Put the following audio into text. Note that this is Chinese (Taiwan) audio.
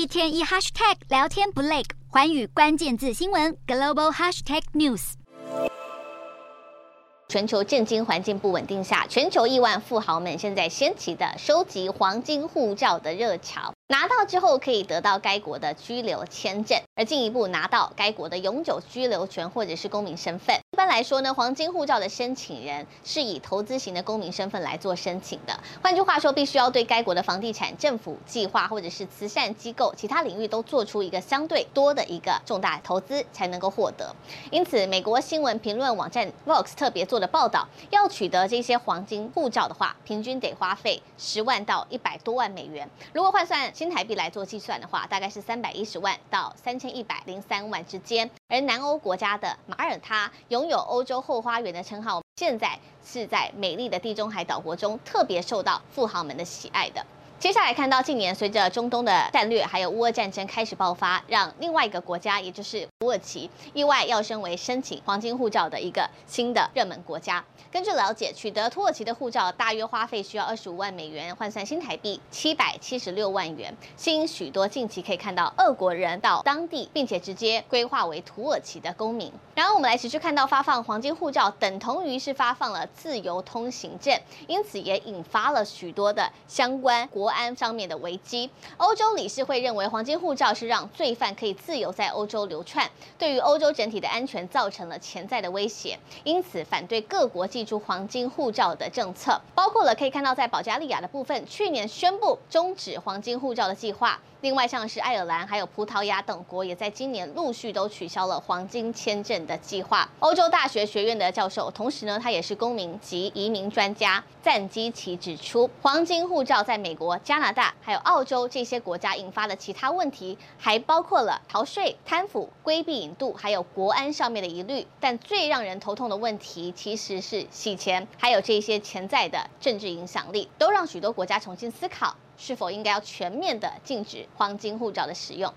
一天一 hashtag 聊天不累，寰宇關鍵字新聞 global hashtag news。全球政經環境不穩定下，全球億萬富豪們現在掀起的收集黃金護照的熱潮，拿到之後可以得到該國的居留簽證，而進一步拿到該國的永久居留權或者是公民身份。一般來說呢，黃金護照的申請人是以投資型的公民身份來做申請的。換句話說，必須要對該國的房地產、政府計劃或者是慈善機構其他領域都做出一個相對多的一個重大投資才能夠獲得。因此，美國新聞評論網站《Vox》特別做的報道，要取得這些黃金護照的話，平均得花費十萬到一百多萬美元。如果換算新台幣來做計算的話，大概是三百一十萬到三千一百零三萬之間。而南歐國家的馬耳他，永有歐洲後花園的稱號，現在是在美麗的地中海島國中特別受到富豪們的喜愛的。接下來看到，近年隨着中東的戰略還有烏俄戰爭開始爆發，讓另外一個國家，也就是。土耳其意外躍升為申請黃金護照的一個新的熱門國家。根據了解，取得土耳其的護照大約花費需要二十五萬美元，換算新台幣七百七十六萬元。吸引許多近期可以看到俄國人到當地，並且直接規劃為土耳其的公民。然後我們來持續看到發放黃金護照，等同於是發放了自由通行證，因此也引發了許多的相關國安方面的危機。歐洲理事會認為，黃金護照是讓罪犯可以自由在歐洲流竄。對於歐洲整體的安全造成了潛在的威脅，因此反對各國祭出黃金護照的政策，包括了可以看到在保加利亞的部分，去年宣布終止黃金護照的計劃。另外像是愛爾蘭，還有葡萄牙等國，也在今年陸續都取消了黃金簽證的計劃。歐洲大學學院的教授，同時呢，他也是公民及移民專家贊基奇指出，黃金護照在美國、加拿大還有澳洲這些國家引發的其他問題，還包括了逃稅、貪腐、規。規避引渡，還有國安上面的疑慮，但最讓人頭痛的問題其實是洗錢，還有這些潛在的政治影響力，都讓許多國家重新思考是否應該要全面的禁止黃金護照的使用。